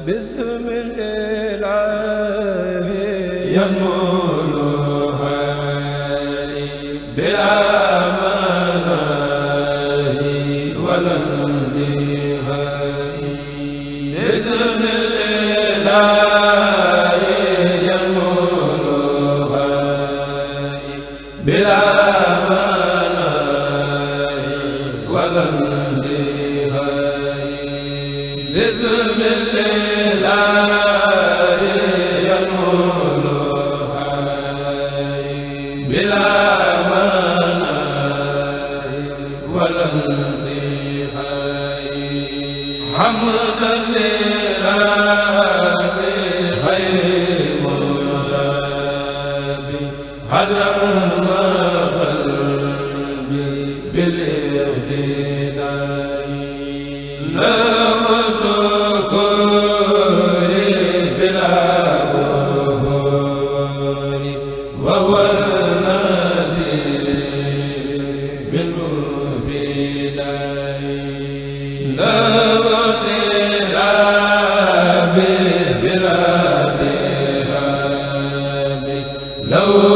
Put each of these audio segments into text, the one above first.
بسم الله يا مولاي بلا law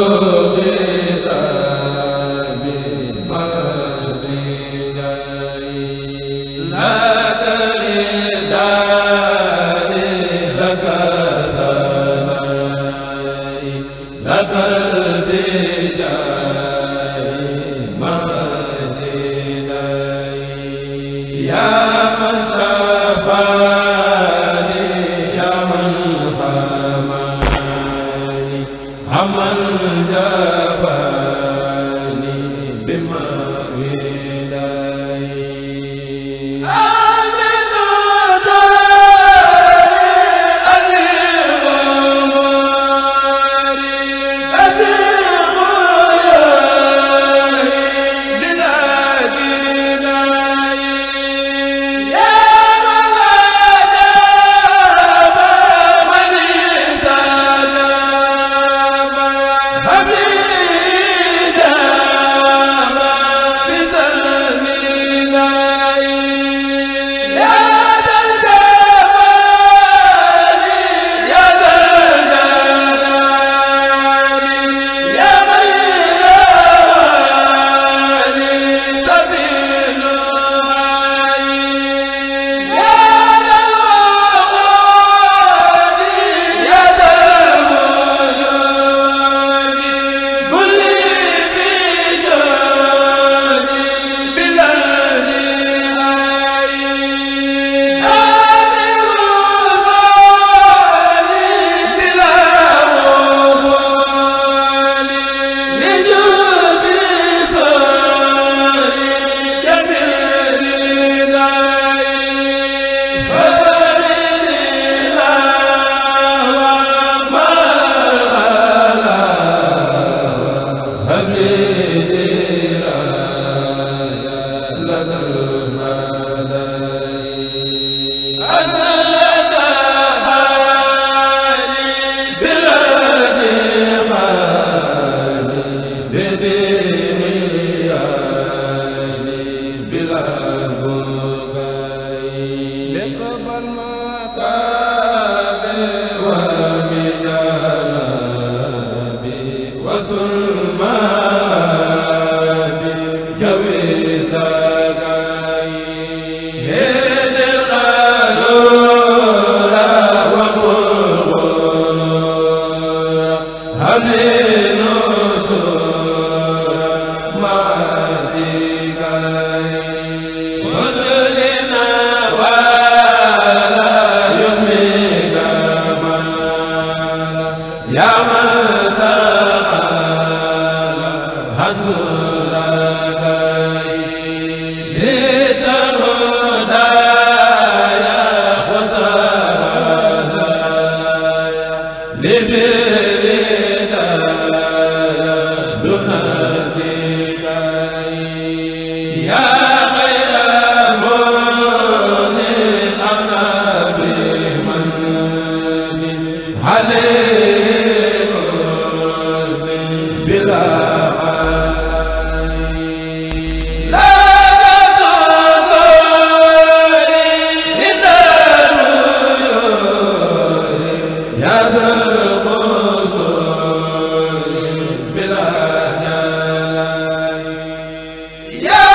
yaa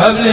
habli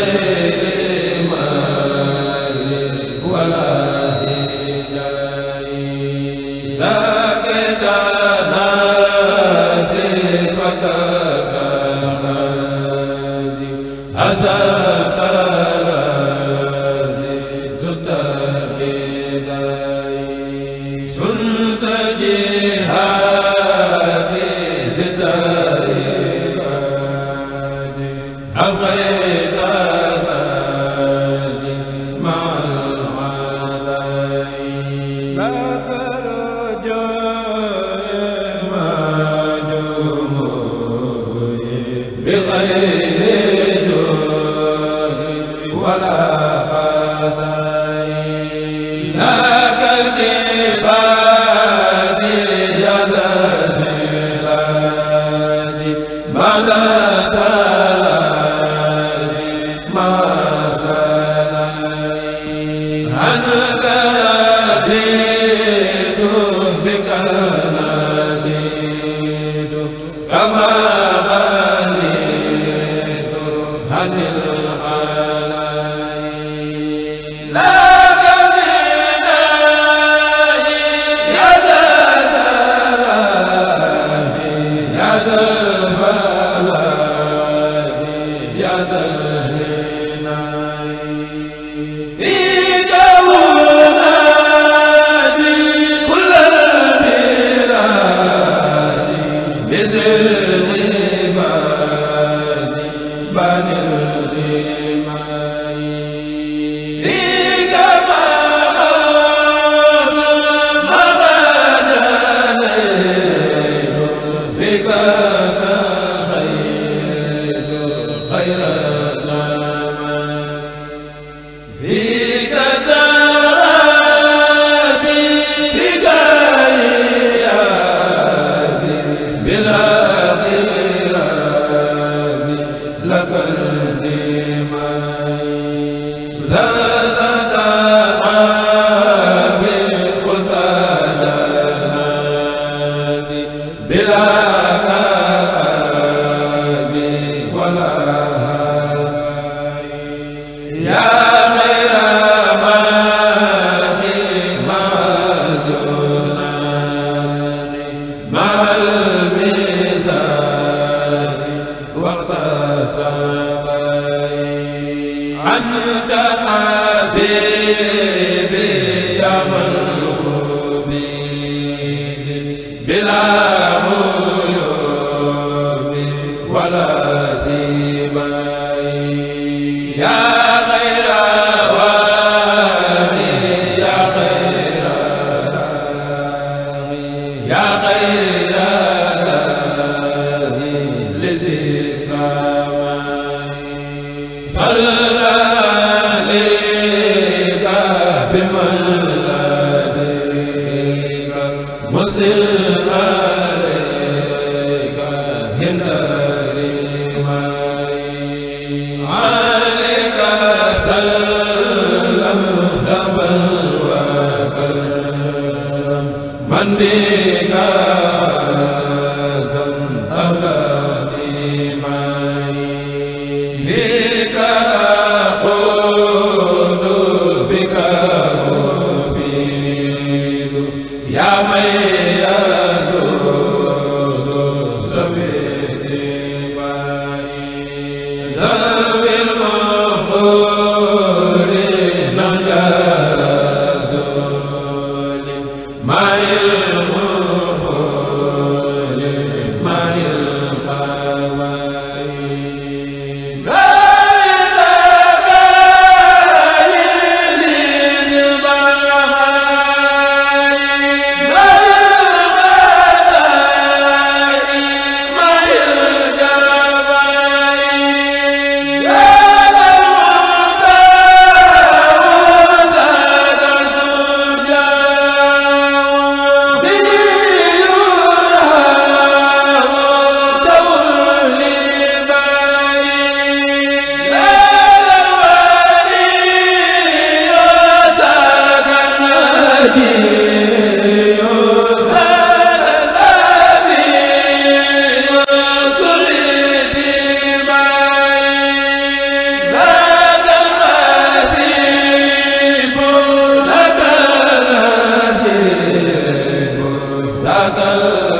xayr yaa may ذاك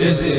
li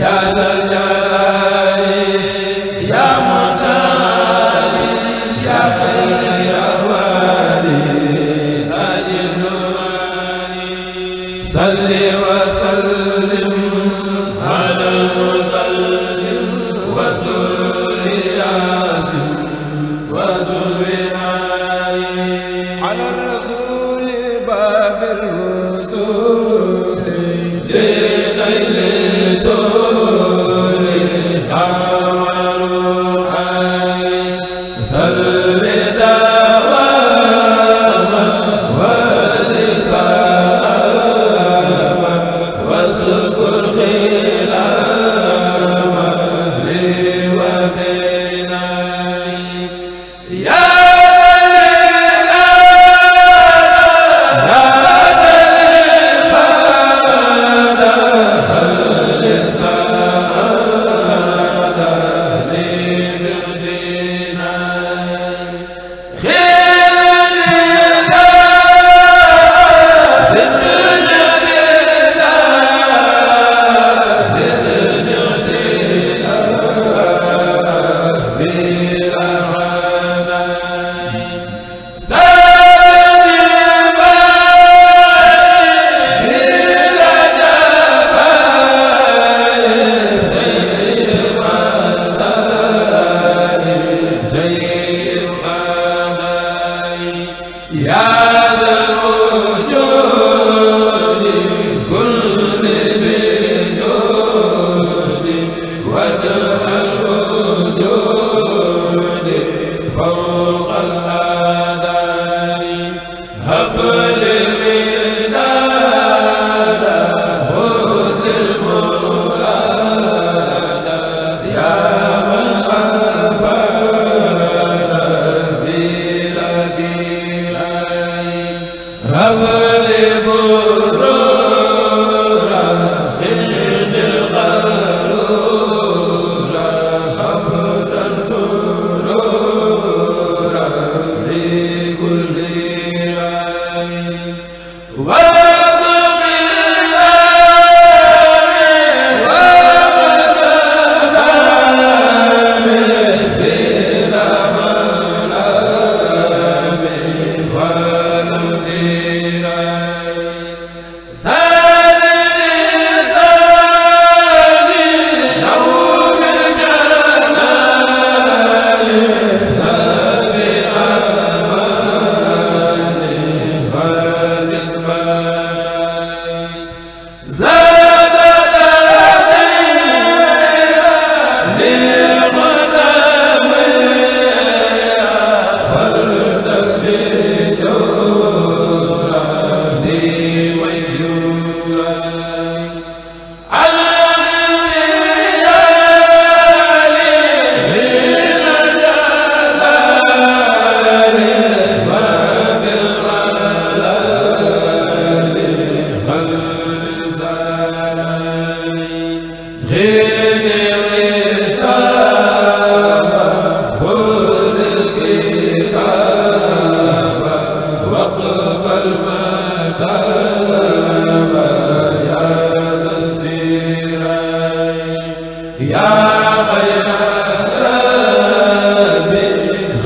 yaa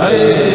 xëy